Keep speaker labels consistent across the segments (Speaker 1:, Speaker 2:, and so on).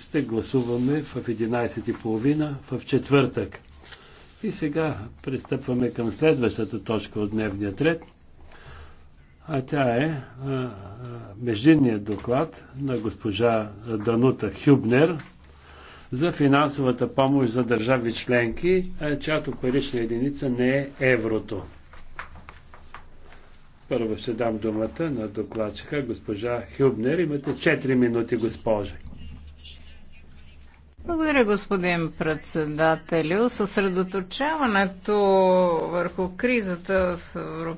Speaker 1: Ще гласуваме в 11.30 в четвъртък. И сега пристъпваме към следващата точка от дневния ред. А тя е междинният доклад на госпожа Данута Хюбнер за финансовата помощ за държави членки, чиято парична единица не е еврото. Първо ще дам думата на докладчика госпожа Хюбнер. Имате 4 минути, госпожа.
Speaker 2: Благодаря, господин председателю. Съсредоточаването върху кризата в,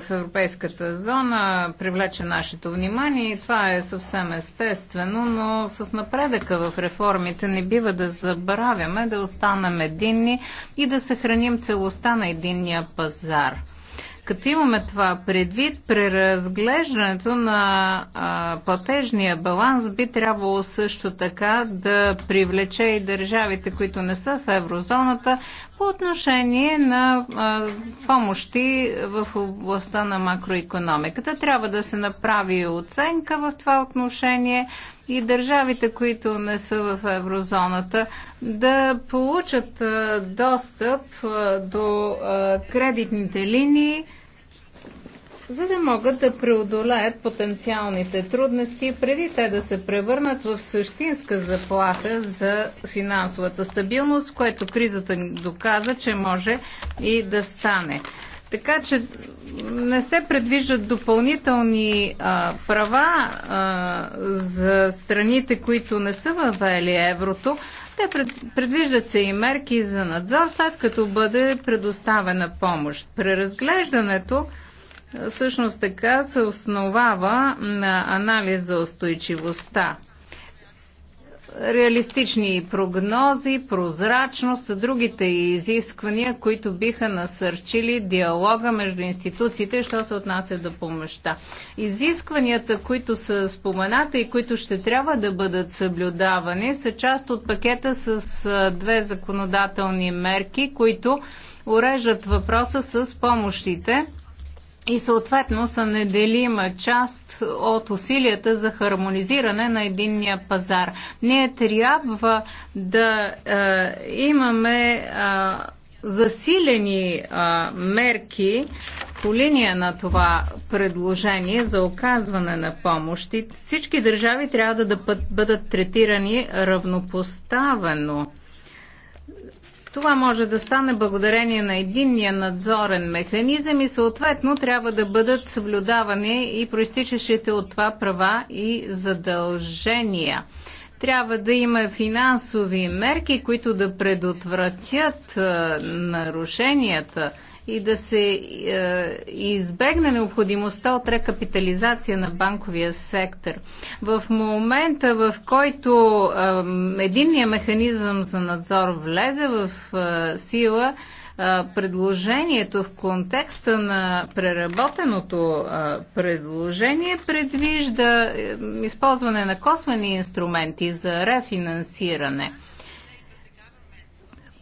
Speaker 2: в европейската зона привлече нашето внимание и това е съвсем естествено, но с напредъка в реформите не бива да забравяме да останем единни и да съхраним целостта на единния пазар. Като имаме това предвид, преразглеждането на а, платежния баланс би трябвало също така да привлече и държавите, които не са в еврозоната, по отношение на а, помощи в областта на макроекономиката. Трябва да се направи оценка в това отношение и държавите, които не са в еврозоната, да получат достъп до кредитните линии, за да могат да преодолеят потенциалните трудности, преди те да се превърнат в същинска заплаха за финансовата стабилност, което кризата ни доказа, че може и да стане. Така че не се предвиждат допълнителни а, права а, за страните, които не са въвели еврото. Те пред, предвиждат се и мерки за надзор, след като бъде предоставена помощ. Преразглеждането всъщност така се основава на анализ за устойчивостта реалистични прогнози, прозрачност са другите изисквания, които биха насърчили диалога между институциите, що се отнася до помощта. Изискванията, които са спомената и които ще трябва да бъдат съблюдавани, са част от пакета с две законодателни мерки, които уреждат въпроса с помощите и съответно са неделима част от усилията за хармонизиране на единния пазар. Ние трябва да е, имаме е, засилени е, мерки по линия на това предложение за оказване на помощи. Всички държави трябва да бъдат третирани равнопоставено това може да стане благодарение на единния надзорен механизъм и съответно трябва да бъдат съблюдавани и проистичащите от това права и задължения. Трябва да има финансови мерки, които да предотвратят нарушенията и да се е, избегне необходимостта от рекапитализация на банковия сектор. В момента, в който е, единният механизъм за надзор влезе в е, сила, е, предложението в контекста на преработеното е, предложение предвижда е, използване на косвени инструменти за рефинансиране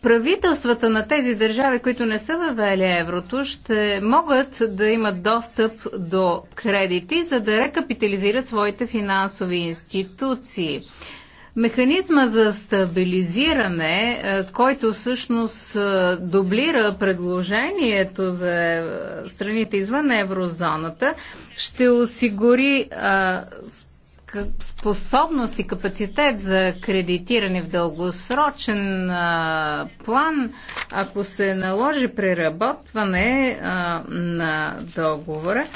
Speaker 2: правителствата на тези държави, които не са въвели еврото, ще могат да имат достъп до кредити, за да рекапитализират своите финансови институции. Механизма за стабилизиране, е, който всъщност е, дублира предложението за е, страните извън еврозоната, ще осигури способност и капацитет за кредитиране в дългосрочен а, план, ако се наложи преработване а, на договора,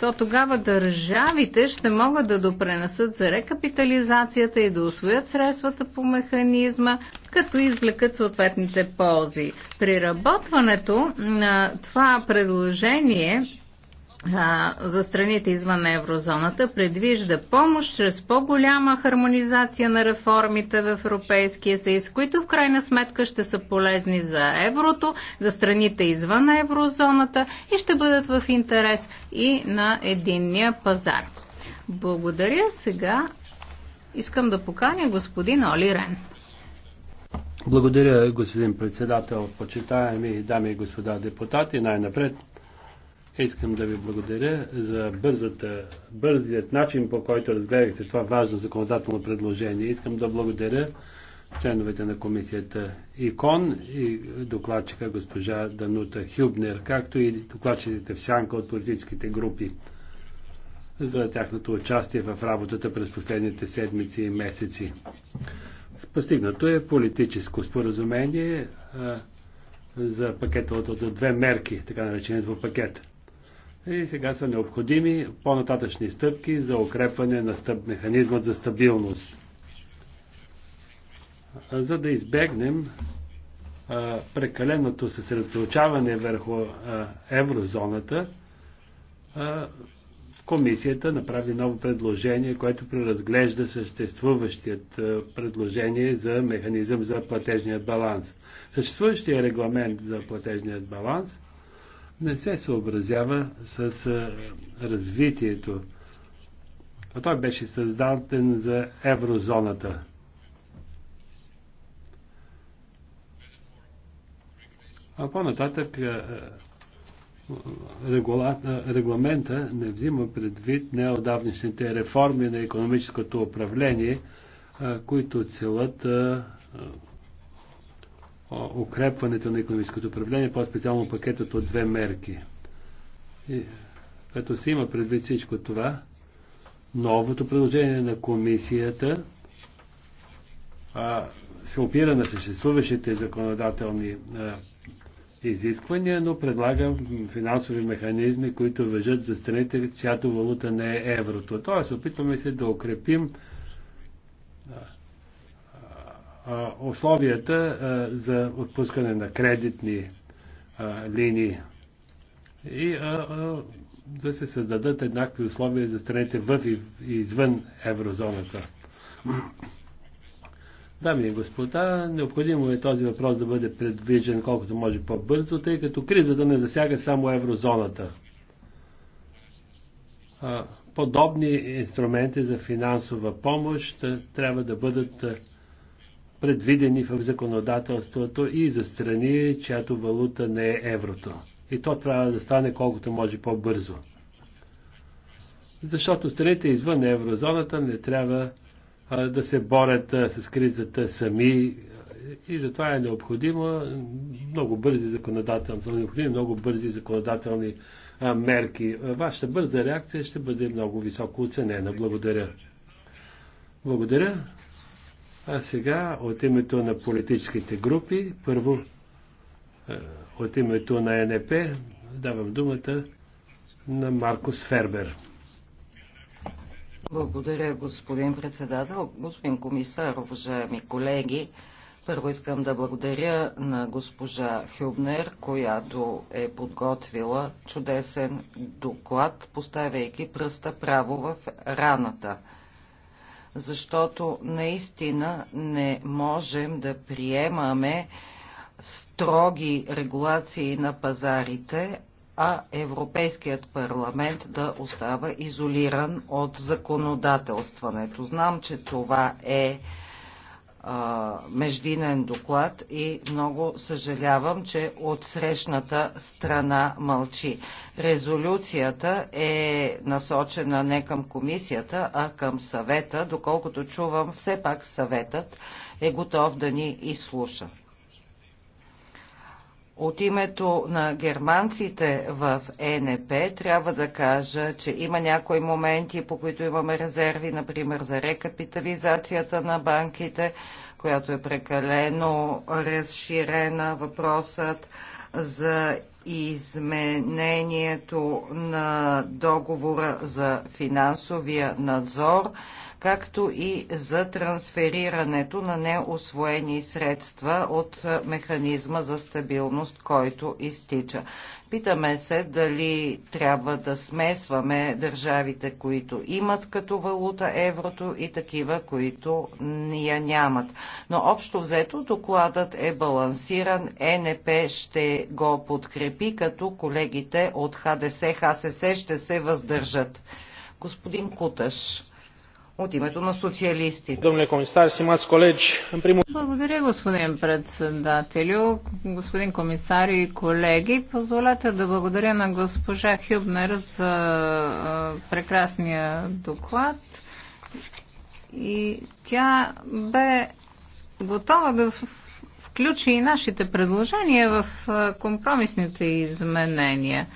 Speaker 2: то тогава държавите ще могат да допренесат за рекапитализацията и да освоят средствата по механизма, като извлекат съответните ползи. Преработването на това предложение за страните извън еврозоната предвижда помощ чрез по-голяма хармонизация на реформите в Европейския съюз, които в крайна сметка ще са полезни за еврото, за страните извън еврозоната и ще бъдат в интерес и на единния пазар. Благодаря. Сега искам да поканя господин Оли Рен.
Speaker 1: Благодаря, господин председател, почитаеми дами и господа депутати. Най-напред Искам да ви благодаря за бързата, бързият начин, по който разгледахте това важно законодателно предложение. Искам да благодаря членовете на комисията ИКОН и докладчика госпожа Данута Хюбнер, както и докладчиците в сянка от политическите групи за тяхното участие в работата през последните седмици и месеци. Постигнато е политическо споразумение а, за пакета от, от две мерки, така наречения пакет. И сега са необходими по-нататъчни стъпки за укрепване на стъп, механизмът за стабилност. За да избегнем а, прекаленото съсредоточаване върху а, еврозоната, а, комисията направи ново предложение, което преразглежда съществуващият предложение за механизъм за платежният баланс. Съществуващия регламент за платежният баланс – не се съобразява с развитието. А той беше създаден за еврозоната. А по-нататък регламента не взима предвид неодавнишните реформи на економическото управление, които целят укрепването на економическото управление, по-специално пакетът от две мерки. И, като се има предвид всичко това, новото предложение на комисията а, се опира на съществуващите законодателни а, изисквания, но предлага финансови механизми, които въжат за страните, чиято валута не е еврото. Тоест, опитваме се да укрепим условията за отпускане на кредитни линии и да се създадат еднакви условия за страните в и извън еврозоната. Дами и господа, необходимо е този въпрос да бъде предвижен колкото може по-бързо, тъй като кризата не засяга само еврозоната. Подобни инструменти за финансова помощ трябва да бъдат предвидени в законодателството и за страни, чиято валута не е еврото. И то трябва да стане колкото може по-бързо. Защото страните извън еврозоната не трябва а, да се борят а, с кризата сами и затова е необходимо много бързи законодателни, много бързи законодателни а, мерки. Вашата бърза реакция ще бъде много високо оценена. Благодаря. Благодаря. А сега от името на политическите групи, първо е, от името на НП, давам думата на Маркус Фербер.
Speaker 3: Благодаря, господин председател, господин комисар, уважаеми колеги. Първо искам да благодаря на госпожа Хюбнер, която е подготвила чудесен доклад, поставяйки пръста право в раната – защото наистина не можем да приемаме строги регулации на пазарите, а Европейският парламент да остава изолиран от законодателстването. Знам, че това е а, междинен доклад и много съжалявам, че от срещната страна мълчи. Резолюцията е насочена не към комисията, а към съвета. Доколкото чувам, все пак съветът е готов да ни изслуша. От името на германците в ЕНП трябва да кажа, че има някои моменти, по които имаме резерви, например за рекапитализацията на банките, която е прекалено разширена. Въпросът за изменението на договора за финансовия надзор – както и за трансферирането на неосвоени средства от е, механизма за стабилност, който изтича. Питаме се дали трябва да смесваме държавите, които имат като валута еврото и такива, които я нямат. Но общо взето докладът е балансиран. ЕНП ще го подкрепи, като колегите от ХДС, ХСС ще се въздържат. Господин Куташ от името на социалисти. Благодаря, господин председателю,
Speaker 2: господин комисар и колеги. Позволете да благодаря на госпожа Хюбнер за прекрасния доклад. И тя бе готова да включи и нашите предложения в компромисните изменения.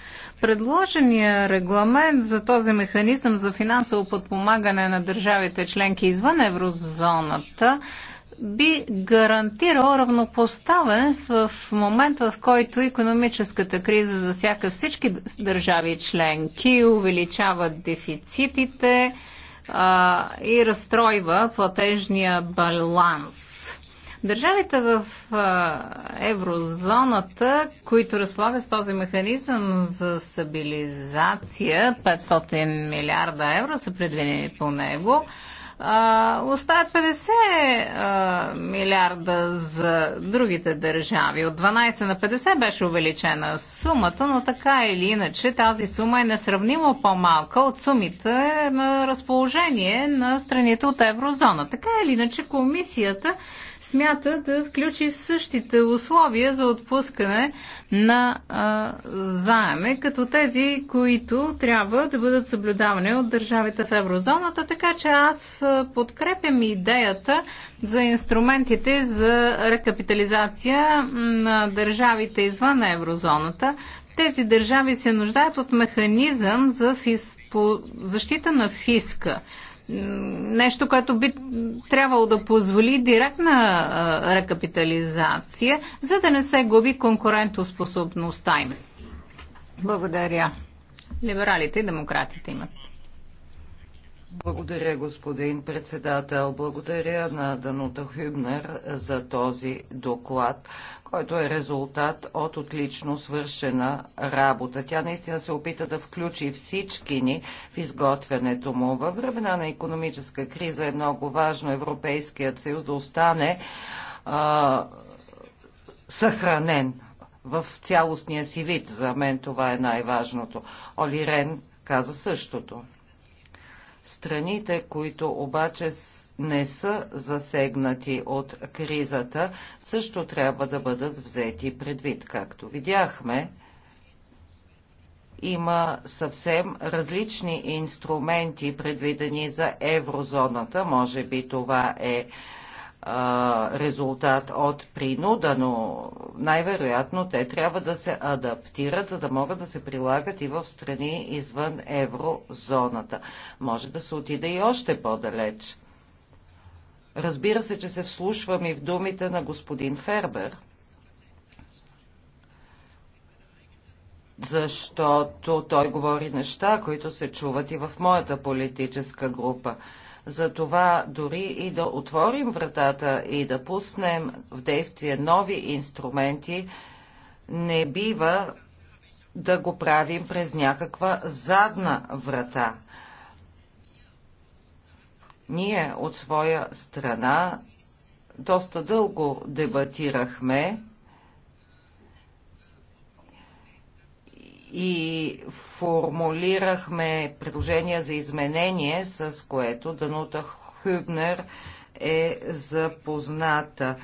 Speaker 2: Предложения регламент за този механизъм за финансово подпомагане на държавите членки извън еврозоната би гарантирал равнопоставеност в момент, в който економическата криза засяга всички държави членки, увеличават дефицитите а, и разстройва платежния баланс. Държавите в еврозоната, които разполагат с този механизъм за стабилизация, 500 милиарда евро са предвидени по него, остават 50 милиарда за другите държави. От 12 на 50 беше увеличена сумата, но така или иначе тази сума е несравнимо по-малка от сумите на разположение на страните от еврозона. Така или иначе комисията смята да включи същите условия за отпускане на а, заеме, като тези, които трябва да бъдат съблюдавани от държавите в еврозоната. Така че аз подкрепям идеята за инструментите за рекапитализация на държавите извън еврозоната. Тези държави се нуждаят от механизъм за фис... по защита на фиска нещо, което би трябвало да позволи директна рекапитализация, за да не се губи конкурентоспособността им. Благодаря. Либералите и демократите имат
Speaker 3: благодаря, господин председател. Благодаря на Данута Хюбнер за този доклад, който е резултат от отлично свършена работа. Тя наистина се опита да включи всички ни в изготвянето му. Във времена на економическа криза е много важно Европейският съюз да остане а, съхранен в цялостния си вид. За мен това е най-важното. Оли Рен каза същото. Страните, които обаче не са засегнати от кризата, също трябва да бъдат взети предвид. Както видяхме, има съвсем различни инструменти, предвидени за еврозоната. Може би това е резултат от принуда, но най-вероятно те трябва да се адаптират, за да могат да се прилагат и в страни извън еврозоната. Може да се отиде и още по-далеч. Разбира се, че се вслушвам и в думите на господин Фербер, защото той говори неща, които се чуват и в моята политическа група. Затова дори и да отворим вратата и да пуснем в действие нови инструменти, не бива да го правим през някаква задна врата. Ние от своя страна доста дълго дебатирахме и формулирахме предложение за изменение, с което Данута Хюбнер е запозната.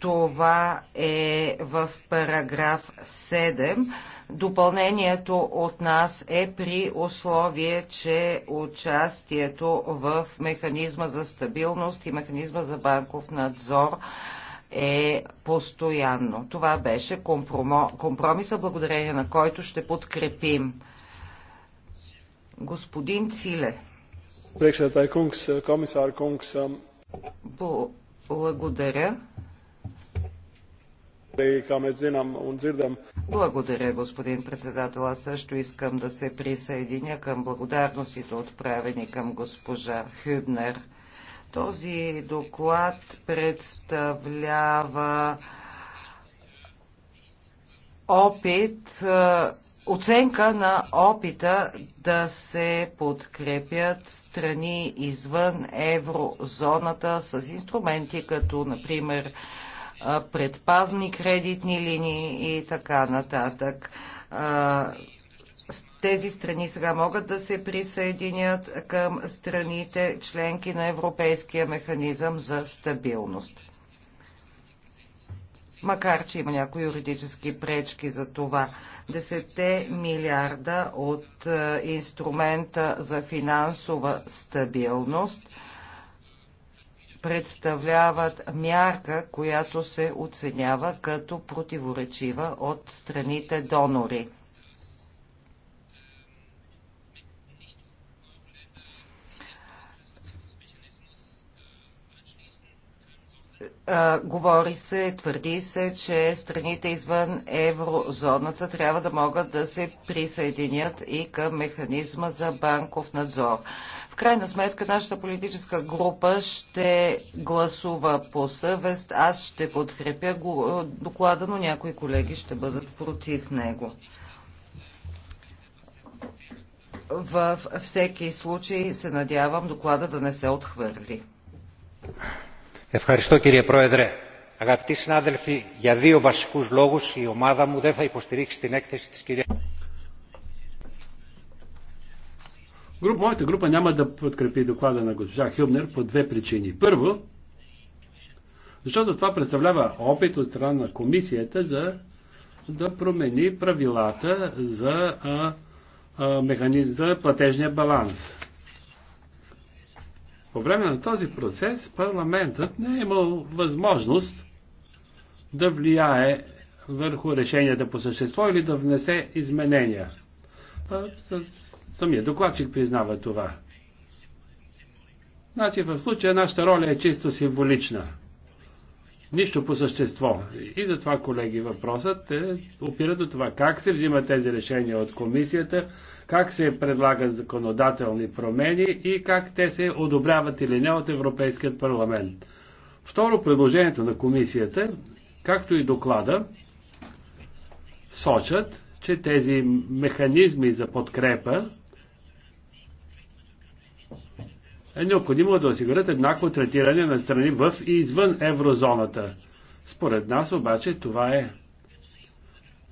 Speaker 3: Това е в параграф 7. Допълнението от нас е при условие, че участието в механизма за стабилност и механизма за банков надзор е постоянно. Това беше компромиса, благодарение на който ще подкрепим. Господин Циле. Благодаря. Благодаря, господин председател. Аз също искам да се присъединя към благодарностите, отправени към госпожа Хюбнер. Този доклад представлява опит, е, оценка на опита да се подкрепят страни извън еврозоната с инструменти като, например, е, предпазни кредитни линии и така нататък. Е, тези страни сега могат да се присъединят към страните членки на Европейския механизъм за стабилност. Макар, че има някои юридически пречки за това. Десетте милиарда от е, инструмента за финансова стабилност представляват мярка, която се оценява като противоречива от страните донори. говори се, твърди се, че страните извън еврозоната трябва да могат да се присъединят и към механизма за банков надзор. В крайна сметка нашата политическа група ще гласува по съвест. Аз ще подкрепя доклада, но някои колеги ще бъдат против него. Във всеки случай се надявам доклада да не се отхвърли
Speaker 1: κύριε πρόεδρε
Speaker 3: αγαπητοί συνάδελφοι για δύο βασικούς λόγους η ομάδα μου δεν θα υποστηρίξει την έκθεση της κυρίας
Speaker 1: Моята група няма да подкрепи доклада на госпожа Хюбнер по две причини. Първо, защото това представлява опит от страна на комисията за да промени правилата за, а, а, за платежния баланс. По време на този процес парламентът не е имал възможност да влияе върху решенията по същество или да внесе изменения. Самия докладчик признава това. Значи в случая нашата роля е чисто символична. Нищо по същество. И затова, колеги, въпросът е, опира до това как се взимат тези решения от комисията, как се предлагат законодателни промени и как те се одобряват или не от Европейският парламент. Второ, предложението на комисията, както и доклада, сочат, че тези механизми за подкрепа е необходимо да осигурят еднакво третиране на страни в и извън еврозоната. Според нас обаче това е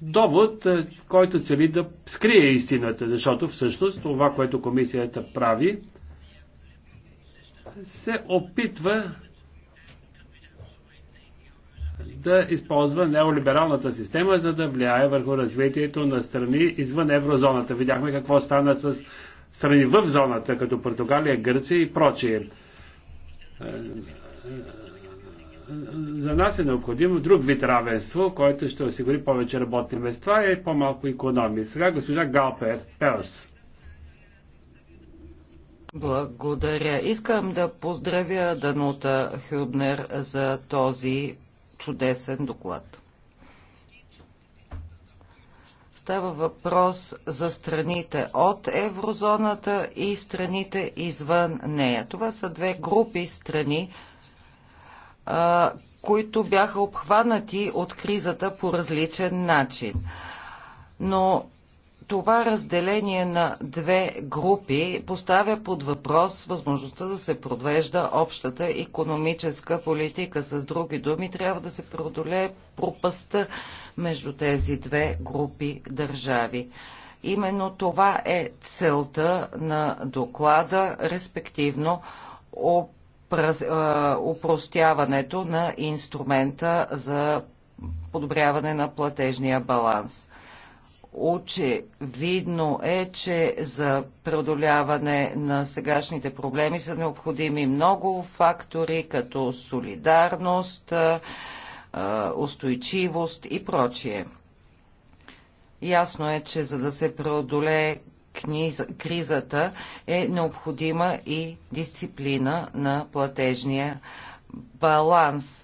Speaker 1: довод, е, който цели да скрие истината, защото всъщност това, което комисията прави, се опитва да използва неолибералната система, за да влияе върху развитието на страни извън еврозоната. Видяхме какво стана с страни в зоната, като Португалия, Гърция и прочие. Е, е, е, за нас е необходимо друг вид равенство, който ще осигури повече работни места и по-малко економии. Сега госпожа Галпер Пелс.
Speaker 3: Благодаря. Искам да поздравя Данута Хюбнер за този чудесен доклад става въпрос за страните от еврозоната и страните извън нея. Това са две групи страни, които бяха обхванати от кризата по различен начин. Но това разделение на две групи поставя под въпрос възможността да се провежда общата економическа политика. С други думи, трябва да се преодолее пропаста между тези две групи държави. Именно това е целта на доклада, респективно упростяването на инструмента за подобряване на платежния баланс. Очевидно е, че за преодоляване на сегашните проблеми са необходими много фактори, като солидарност, устойчивост и прочие. Ясно е, че за да се преодолее кризата е необходима и дисциплина на платежния баланс.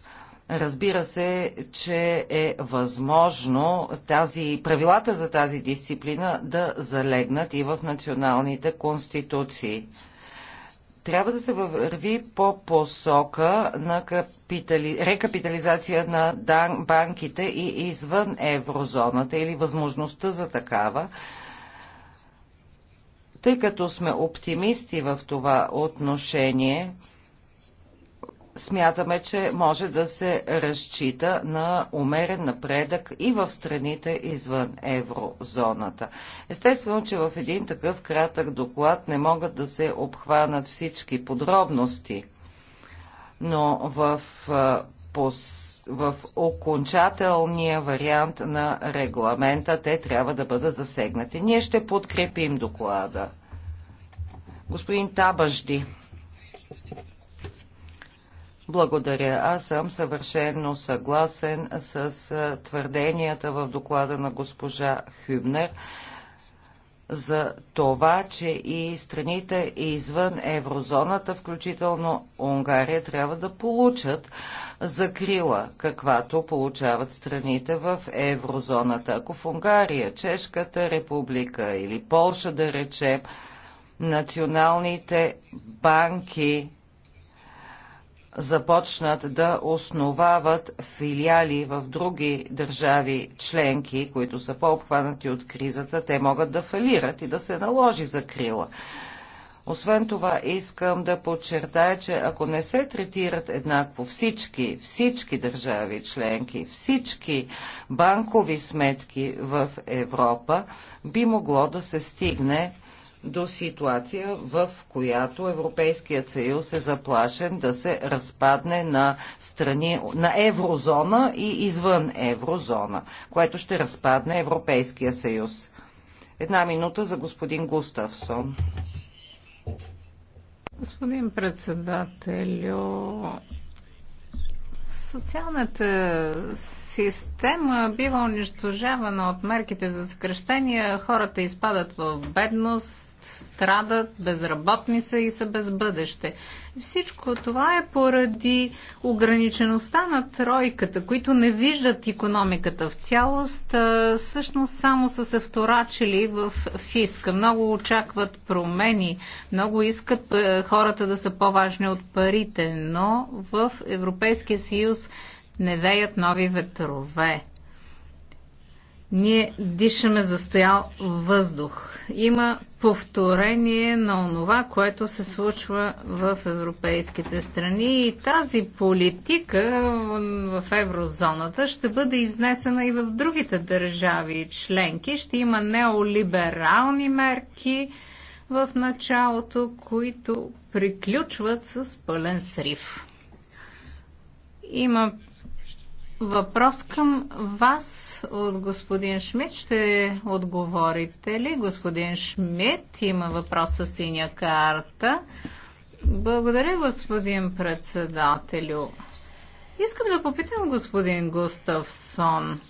Speaker 3: Разбира се, че е възможно тази, правилата за тази дисциплина да залегнат и в националните конституции. Трябва да се върви по посока на капитали, рекапитализация на дан, банките и извън еврозоната или възможността за такава, тъй като сме оптимисти в това отношение – смятаме, че може да се разчита на умерен напредък и в страните извън еврозоната. Естествено, че в един такъв кратък доклад не могат да се обхванат всички подробности, но в, в, в окончателния вариант на регламента те трябва да бъдат засегнати. Ние ще подкрепим доклада. Господин Табажди. Благодаря. Аз съм съвършенно съгласен с твърденията в доклада на госпожа Хюбнер за това, че и страните извън еврозоната, включително Унгария, трябва да получат закрила, каквато получават страните в еврозоната. Ако в Унгария, Чешката република или Полша, да речем, националните банки започнат да основават филиали в други държави членки, които са по-обхванати от кризата, те могат да фалират и да се наложи закрила. Освен това, искам да подчертая, че ако не се третират еднакво всички, всички държави членки, всички банкови сметки в Европа, би могло да се стигне до ситуация, в която Европейският съюз е заплашен да се разпадне на страни на еврозона и извън еврозона, което ще разпадне Европейския съюз. Една минута за господин Густавсон.
Speaker 2: Господин председателю, социалната система бива унищожавана от мерките за съкрещения. Хората изпадат в бедност, страдат, безработни са и са без бъдеще. Всичко това е поради ограничеността на тройката, които не виждат економиката в цялост, всъщност само са се вторачили в фиска. Много очакват промени, много искат хората да са по-важни от парите, но в Европейския съюз не веят нови ветрове. Ние дишаме застоял въздух. Има повторение на онова, което се случва в европейските страни и тази политика в еврозоната ще бъде изнесена и в другите държави членки. Ще има неолиберални мерки в началото, които приключват с пълен срив. Има Въпрос към вас от господин Шмидт. Ще отговорите ли? Господин Шмидт има въпрос с синя карта. Благодаря, господин председателю. Искам да попитам господин Густавсон.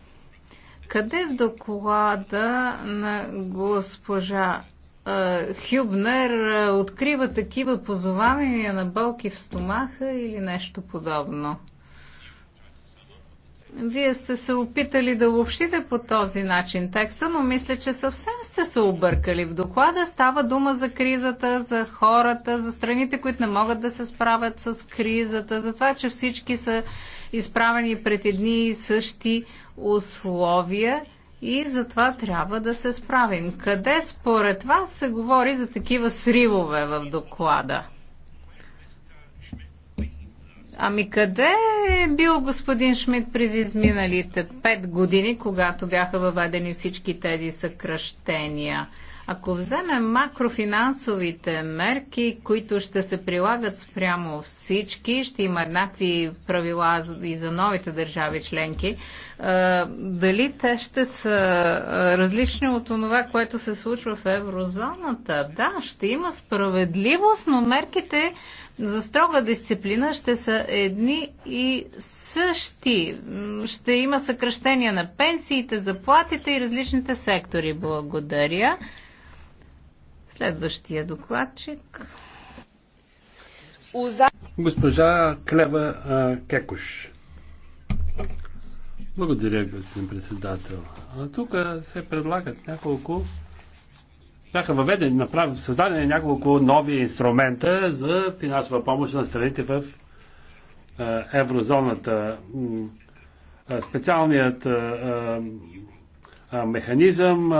Speaker 2: Къде в доклада на госпожа е, Хюбнер е, открива такива позования на болки в стомаха или нещо подобно? Вие сте се опитали да общите по този начин текста, но мисля, че съвсем сте се объркали. В доклада става дума за кризата, за хората, за страните, които не могат да се справят с кризата, за това, че всички са изправени пред едни и същи условия и за това трябва да се справим. Къде според вас се говори за такива сривове в доклада? Ами къде е бил господин Шмидт през изминалите пет години, когато бяха въведени всички тези съкръщения? Ако вземем макрофинансовите мерки, които ще се прилагат спрямо всички, ще има еднакви правила и за новите държави членки, е, дали те ще са е, различни от това, което се случва в еврозоната? Да, ще има справедливост, но мерките за строга дисциплина ще са едни и същи. Ще има съкръщения на пенсиите, заплатите и различните сектори. Благодаря. Следващия докладчик.
Speaker 1: Госпожа Клева Кекуш. Благодаря, господин председател. А тук се предлагат няколко бяха въведени, направи, създадени няколко нови инструмента за финансова помощ на страните в еврозоната. Специалният механизъм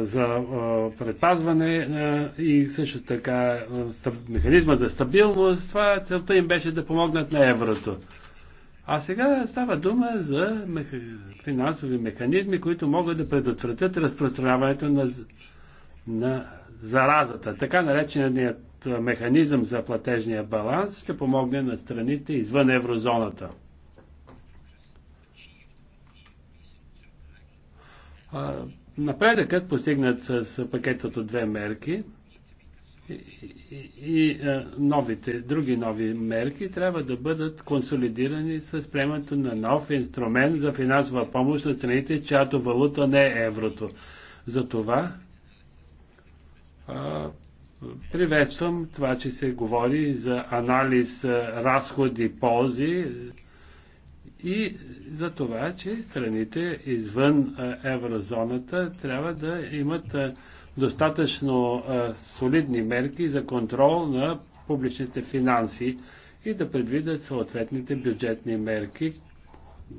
Speaker 1: за предпазване и също така е, механизма за стабилност, това е, целта им беше да помогнат на еврото. А сега става дума за меха... финансови механизми, които могат да предотвратят разпространяването на, на заразата. Така нареченият механизъм за платежния баланс ще помогне на страните извън еврозоната. Напредъкът, постигнат с пакетът от две мерки, и, и е, новите, други нови мерки трябва да бъдат консолидирани с приемането на нов инструмент за финансова помощ на страните, чиято валута не е еврото. Затова а, приветствам това, че се говори за анализ разходи, ползи и за това, че страните извън еврозоната трябва да имат а, достатъчно а, солидни мерки за контрол на публичните финанси и да предвидят съответните бюджетни мерки.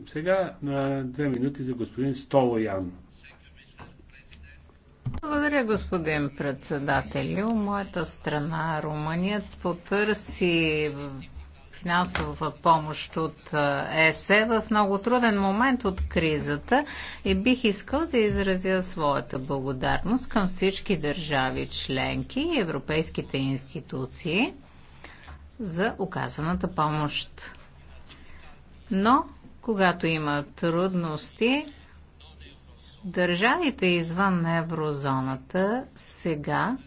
Speaker 1: Сега на две минути за господин Столоян.
Speaker 2: Благодаря, господин председател. Моята страна, Румъния, потърси финансова помощ от е, ЕСЕ в много труден момент от кризата и бих искал да изразя своята благодарност към всички държави членки и европейските институции за оказаната помощ. Но, когато има трудности, държавите извън еврозоната сега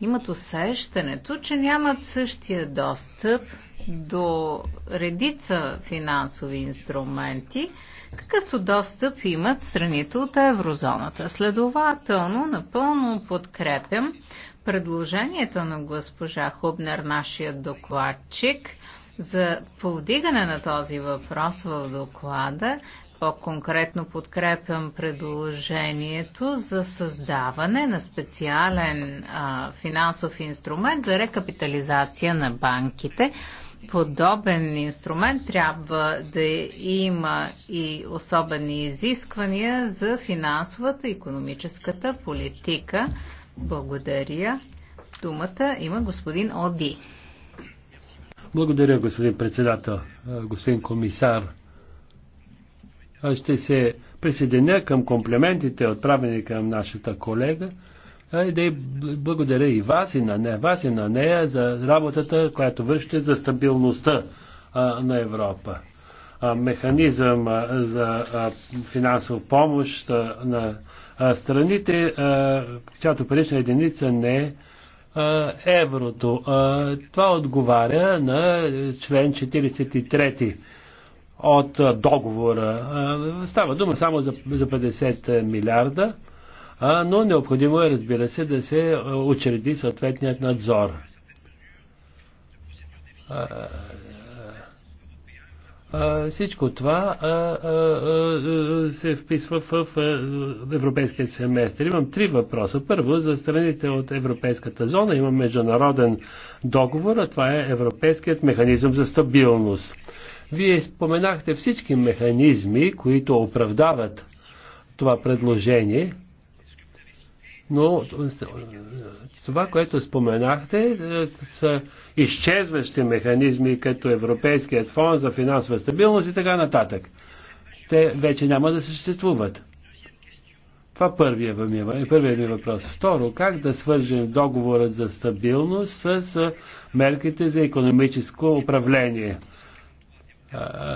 Speaker 2: имат усещането, че нямат същия достъп до редица финансови инструменти, какъвто достъп имат страните от еврозоната. Следователно, напълно подкрепям предложението на госпожа Хубнер, нашия докладчик, за повдигане на този въпрос в доклада по-конкретно подкрепям предложението за създаване на специален а, финансов инструмент за рекапитализация на банките. Подобен инструмент трябва да има и особени изисквания за финансовата и економическата политика. Благодаря. Думата има господин Оди.
Speaker 1: Благодаря, господин председател, господин комисар ще се присъединя към комплиментите, отправени към нашата колега. И да благодаря и вас, и на нея, вас, и на нея за работата, която вършите за стабилността а, на Европа. А, механизъм а, за а, финансова помощ а, на а, страните, а, чиято парична единица не е еврото. Това отговаря на член 43 от договора. Става дума само за, 50 милиарда, но необходимо е, разбира се, да се учреди съответният надзор. Всичко това се вписва в европейския семестър. Имам три въпроса. Първо, за страните от европейската зона има международен договор, а това е Европейският механизъм за стабилност. Вие споменахте всички механизми, които оправдават това предложение, но това, което споменахте, е, са изчезващи механизми, като Европейският фонд за финансова стабилност и така нататък. Те вече няма да съществуват. Това ми, е първия ми въпрос. Второ, как да свържем договорът за стабилност с мерките за економическо управление?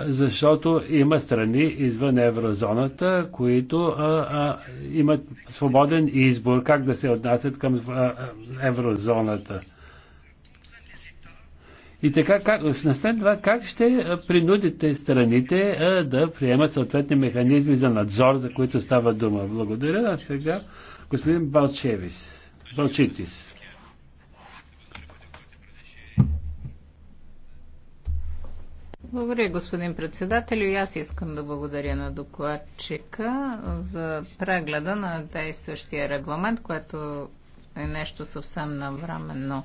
Speaker 1: защото има страни извън еврозоната, които а, а, имат свободен избор как да се отнасят към а, еврозоната. И така, как, след това, как ще принудите страните а, да приемат съответни механизми за надзор, за които става дума? Благодаря. А сега господин Балчевис. Балчитис.
Speaker 2: Благодаря, господин председател. И аз искам да благодаря на докладчика за прегледа на действащия регламент, което е нещо съвсем навременно.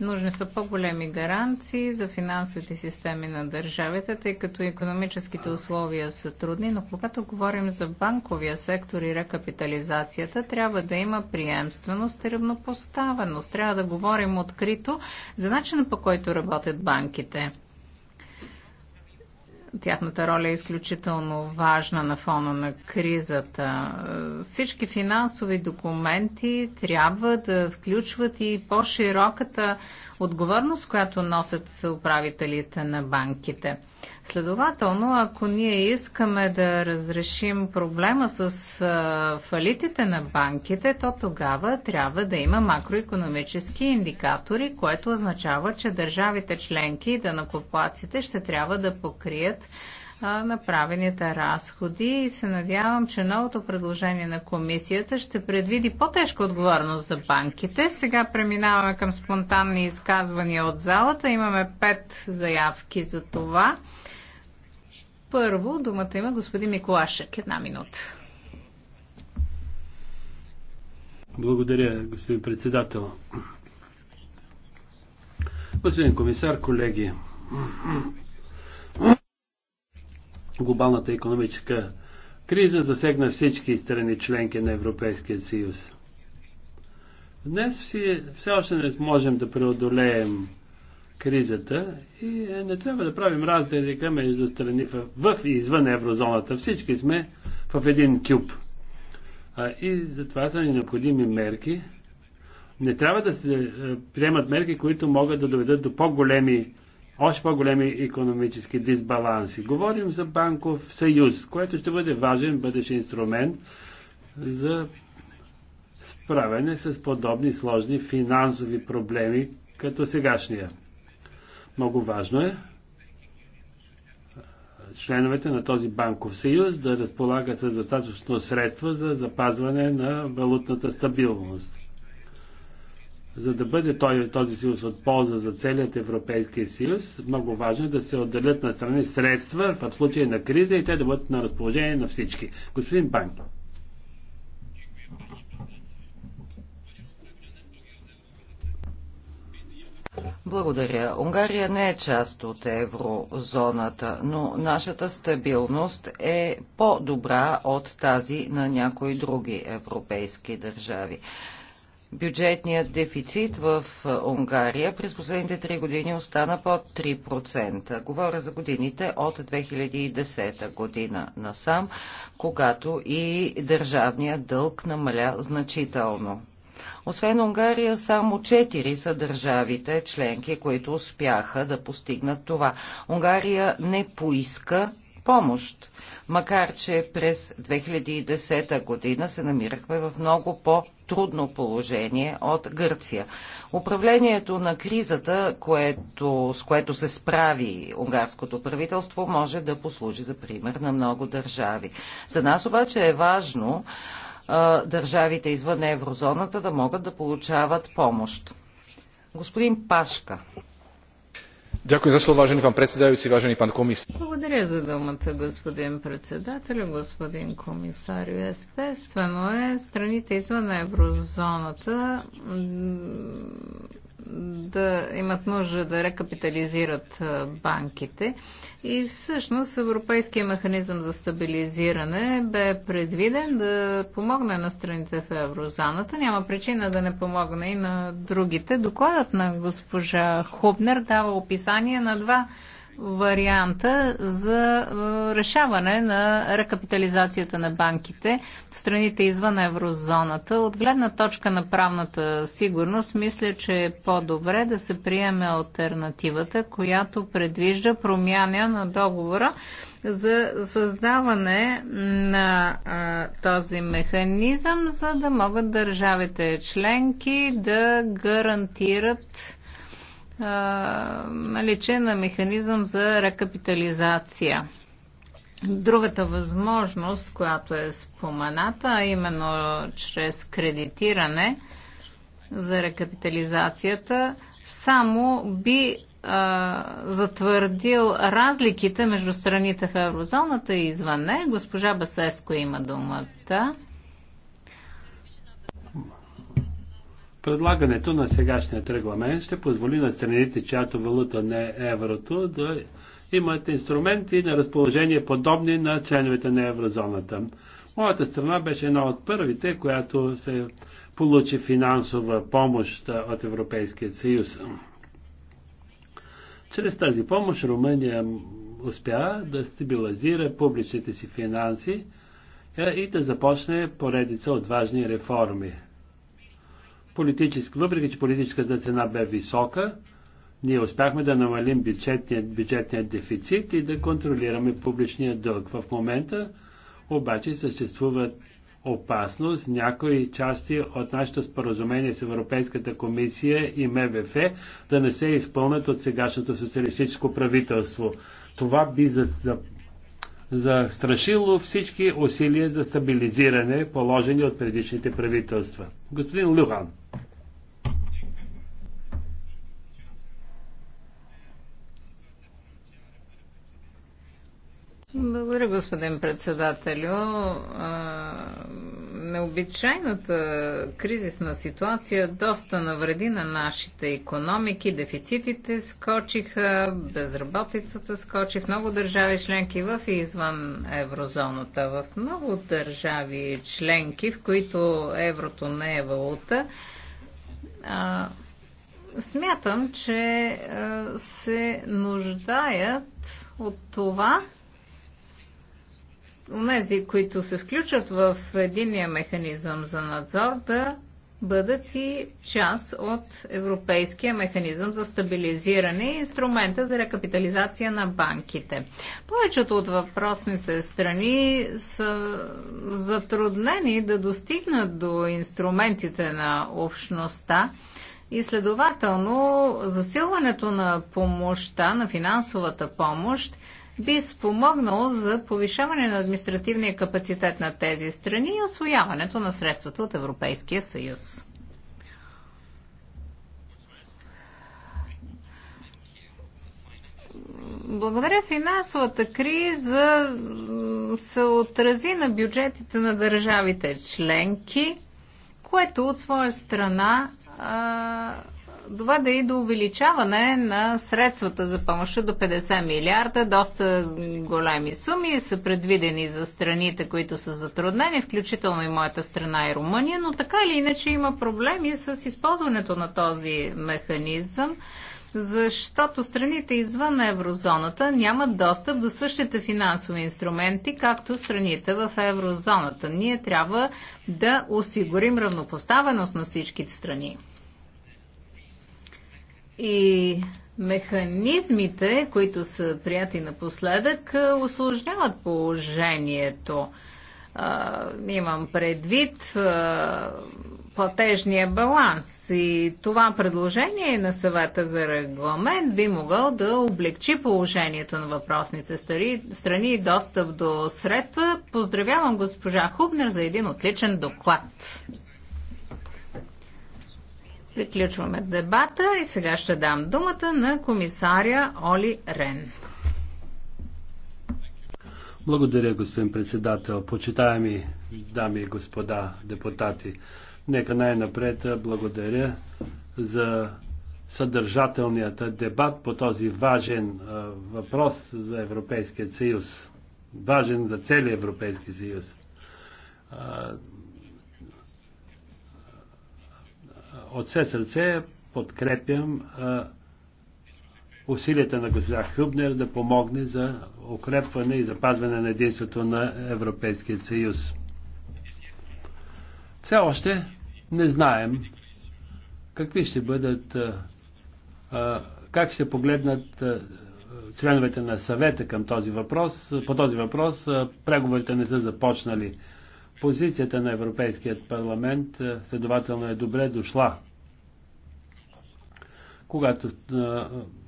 Speaker 2: Нужни са по-големи гаранции за финансовите системи на държавите, тъй като економическите условия са трудни, но когато говорим за банковия сектор и рекапитализацията, трябва да има приемственост и равнопоставеност. Трябва да говорим открито за начина по който работят банките. Тяхната роля е изключително важна на фона на кризата. Всички финансови документи трябва да включват и по-широката отговорност, която носят управителите на банките. Следователно, ако ние искаме да разрешим проблема с фалитите на банките, то тогава трябва да има макроекономически индикатори, което означава, че държавите членки и да данакоплаците ще трябва да покрият направените разходи и се надявам, че новото предложение на комисията ще предвиди по-тежка отговорност за банките. Сега преминаваме към спонтанни изказвания от залата. Имаме пет заявки за това. Първо думата има господин Миколашек. Една минута.
Speaker 1: Благодаря, господин председател. Господин комисар, колеги, глобалната економическа криза засегна всички страни членки на Европейския съюз. Днес си, е- все още не можем да преодолеем кризата и е, не трябва да правим разлика между страни в, и извън еврозоната. Всички сме в един кюб. А, и затова са ни необходими мерки. Не трябва да се е, приемат мерки, които могат да доведат до по-големи още по-големи економически дисбаланси. Говорим за банков съюз, което ще бъде важен бъдещ инструмент за справяне с подобни сложни финансови проблеми, като сегашния. Много важно е членовете на този банков съюз да разполагат с достатъчно средства за запазване на валутната стабилност. За да бъде този, този съюз от полза за целият Европейския съюз, много важно е да се отделят на страни средства в случай на криза и те да бъдат на разположение на всички. Господин Банки. Благодаря. Унгария
Speaker 3: не е част от еврозоната, но нашата стабилност е по-добра от тази на някои други европейски държави. Бюджетният дефицит в Унгария през последните три години остана под 3%. Говоря за годините от 2010 година насам, когато и държавният дълг намаля значително. Освен Унгария, само 4 са държавите членки, които успяха да постигнат това. Унгария не поиска помощ, макар че през 2010 година се намирахме в много по-трудно положение от Гърция. Управлението на кризата, което, с което се справи унгарското правителство, може да послужи за пример на много държави. За нас обаче е важно а, държавите извън еврозоната да могат да получават помощ. Господин Пашка. Благодаря за думата, господин председател,
Speaker 2: господин
Speaker 1: комисар.
Speaker 2: Естествено е страните извън еврозоната да имат нужда да рекапитализират банките. И всъщност Европейския механизъм за стабилизиране бе предвиден да помогне на страните в еврозаната. Няма причина да не помогне и на другите. Докладът на госпожа Хубнер дава описание на два варианта за е, решаване на рекапитализацията на банките в страните извън еврозоната. От гледна точка на правната сигурност, мисля, че е по-добре да се приеме альтернативата, която предвижда промяна на договора за създаване на а, е, този механизъм, за да могат държавите членки да гарантират наличие на механизъм за рекапитализация. Другата възможност, която е спомената, а именно чрез кредитиране за рекапитализацията, само би а, затвърдил разликите между страните в еврозоната и извън не. Госпожа Басеско има думата.
Speaker 1: Предлагането на сегашният регламент ще позволи на страните, чиято валута не е еврото, да имат инструменти на разположение подобни на членовете на еврозоната. Моята страна беше една от първите, която се получи финансова помощ от Европейския съюз. Чрез тази помощ Румъния успя да стабилизира публичните си финанси и да започне поредица от важни реформи политически, въпреки че политическата цена бе висока, ние успяхме да намалим бюджетния, бюджетния дефицит и да контролираме публичния дълг. В момента обаче съществува опасност някои части от нашето споразумение с Европейската комисия и МВФ да не се изпълнят от сегашното социалистическо правителство. Това би застрашило всички усилия за стабилизиране, положени от предишните правителства. Господин Люхан.
Speaker 2: Благодаря, господин председателю необичайната кризисна ситуация доста навреди на нашите економики. Дефицитите скочиха, безработицата скочи в много държави членки в и извън еврозоната. В много държави членки, в които еврото не е валута, а, смятам, че а, се нуждаят от това, онези, които се включат в единия механизъм за надзор, да бъдат и част от Европейския механизъм за стабилизиране и инструмента за рекапитализация на банките. Повечето от въпросните страни са затруднени да достигнат до инструментите на общността и следователно засилването на помощта, на финансовата помощ, би спомогнал за повишаване на административния капацитет на тези страни и освояването на средствата от Европейския съюз. Благодаря финансовата криза се отрази на бюджетите на държавите членки, което от своя страна доведе и до увеличаване на средствата за помощта до 50 милиарда. Доста големи суми са предвидени за страните, които са затруднени, включително и моята страна и Румъния, но така или иначе има проблеми с използването на този механизъм защото страните извън еврозоната нямат достъп до същите финансови инструменти, както страните в еврозоната. Ние трябва да осигурим равнопоставеност на всичките страни. И механизмите, които са прияти напоследък, осложняват е, положението. А, имам предвид а, платежния баланс и това предложение на съвета за регламент би могъл да облегчи положението на въпросните страни и достъп до средства. Поздравявам госпожа Хубнер за един отличен доклад. Приключваме дебата и сега ще дам думата на комисаря Оли Рен.
Speaker 1: Благодаря, господин председател. Почитаеми дами и господа депутати, нека най-напред благодаря за съдържателният дебат по този важен въпрос за Европейския съюз. Важен за целия Европейски съюз от все сърце подкрепям усилията на госпожа Хюбнер да помогне за укрепване и запазване на единството на Европейския съюз. Все още не знаем какви ще бъдат, как ще погледнат членовете на съвета към този въпрос. По този въпрос преговорите не са започнали. Позицията на Европейският парламент е, следователно е добре дошла, когато е,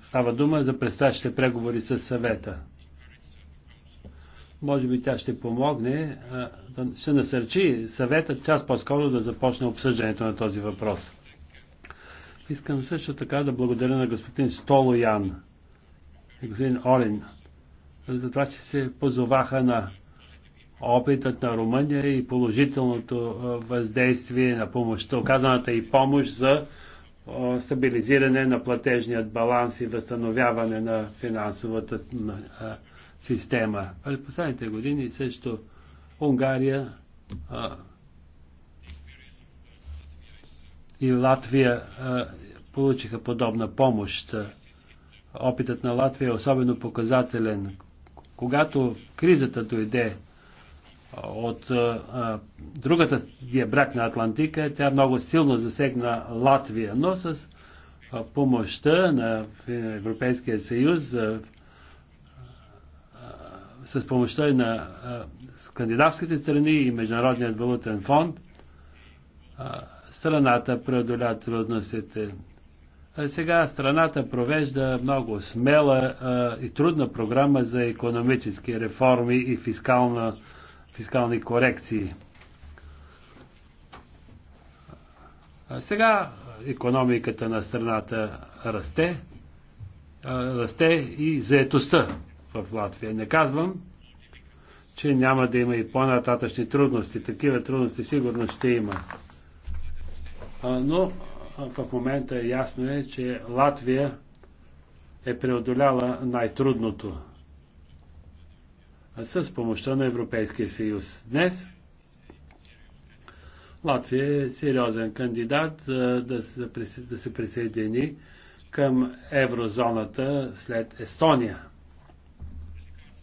Speaker 1: става дума за предстоящите преговори с съвета. Може би тя ще помогне, е, ще насърчи съвета час по-скоро да започне обсъждането на този въпрос. Искам също така да благодаря на господин Столоян и господин Орин за това, че се позоваха на опитът на Румъния и положителното въздействие на помощта, оказаната и помощ за стабилизиране на платежният баланс и възстановяване на финансовата система. През последните години също Унгария и Латвия получиха подобна помощ. Опитът на Латвия е особено показателен. Когато кризата дойде, от а, другата брак на Атлантика, тя много силно засегна Латвия, но с а, помощта на Европейския съюз, а, а, с помощта на а, скандинавските страни и Международният валутен фонд, а, страната преодоля трудностите. А сега страната провежда много смела а, и трудна програма за економически реформи и фискална фискални корекции. А сега економиката на страната расте, расте и заетостта в Латвия. Не казвам, че няма да има и по-нататъчни трудности. Такива трудности сигурно ще има. Но в момента ясно е, че Латвия е преодоляла най-трудното с помощта на Европейския съюз. Днес Латвия е сериозен кандидат да се, да се присъедини към еврозоната след Естония.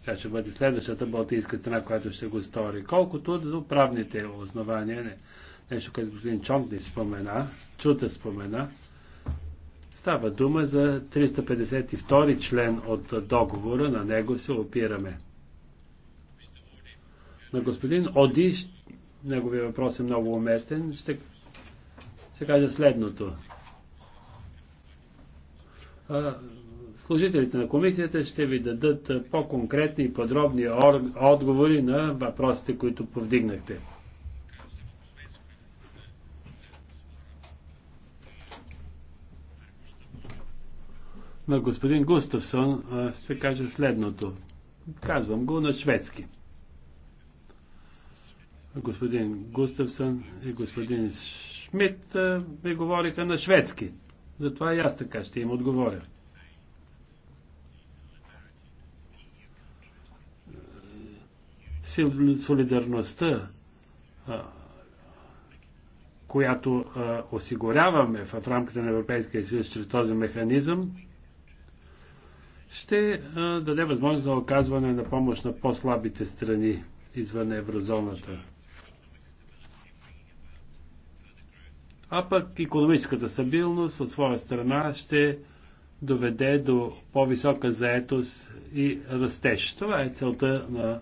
Speaker 1: Тя ще бъде следващата балтийска страна, която ще го стори. Колкото до правните основания, не. нещо, което господин Чонт, не спомена, чута спомена, става дума за 352 член от договора, на него се опираме на господин Оди, неговия въпрос е много уместен, ще, ще кажа следното. А, служителите на комисията ще ви дадат по-конкретни и подробни отговори на въпросите, които повдигнахте. На господин Густавсон ще кажа следното. Казвам го на шведски господин Густавсън и господин Шмидт ми говориха на шведски. Затова и аз така ще им отговоря. Солидарността, която осигуряваме в рамките на Европейския съюз чрез този механизъм, ще даде възможност за оказване на помощ на по-слабите страни извън еврозоната. а пък економическата стабилност от своя страна ще доведе до по-висока заетост и растеж. Това е целта на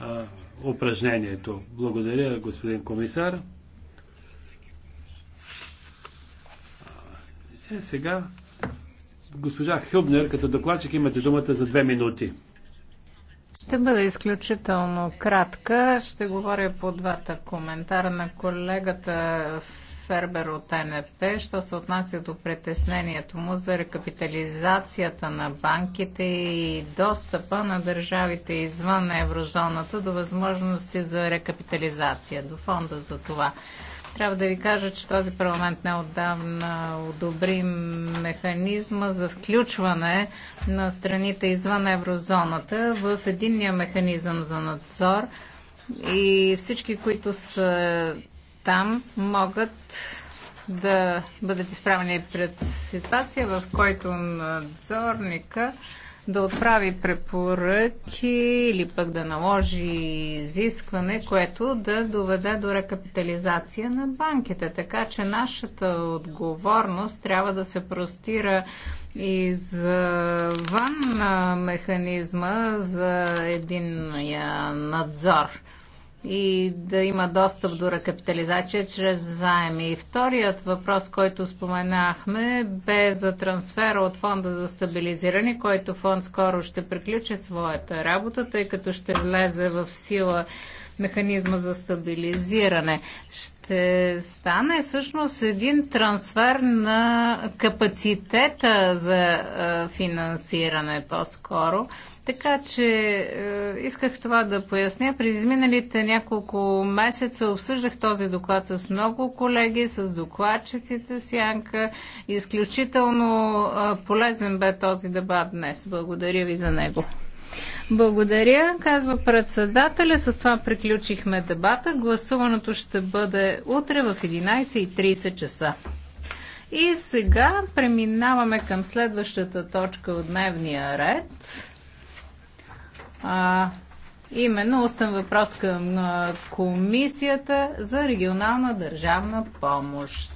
Speaker 1: а, упражнението. Благодаря, господин комисар. Е, сега госпожа Хюбнер, като докладчик имате думата за две минути.
Speaker 2: Ще бъда изключително кратка. Ще говоря по двата коментара на колегата Фербер от НФП, що се отнася до притеснението му за рекапитализацията на банките и достъпа на държавите извън еврозоната до възможности за рекапитализация, до фонда за това. Трябва да ви кажа, че този парламент неотдавна одобри механизма за включване на страните извън еврозоната в единния механизъм за надзор и всички, които са там могат да бъдат изправени пред ситуация, в който надзорника да отправи препоръки или пък да наложи изискване, което да доведе до рекапитализация на банките. Така че нашата отговорност трябва да се простира извън механизма за един надзор и да има достъп до рекапитализация чрез заеми. И вторият въпрос, който споменахме, бе за трансфера от фонда за стабилизиране, който фонд скоро ще приключи своята работа, тъй като ще влезе в сила механизма за стабилизиране. Ще стане всъщност един трансфер на капацитета за е, финансиране по-скоро. Така че е, исках това да поясня. През изминалите няколко месеца обсъждах този доклад с много колеги, с докладчиците Сянка. Изключително е, полезен бе този дебат днес. Благодаря ви за него. Благодаря, казва председателя. С това приключихме дебата. Гласуването ще бъде утре в 11.30 часа. И сега преминаваме към следващата точка от дневния ред. А, именно устен въпрос към комисията за регионална държавна помощ.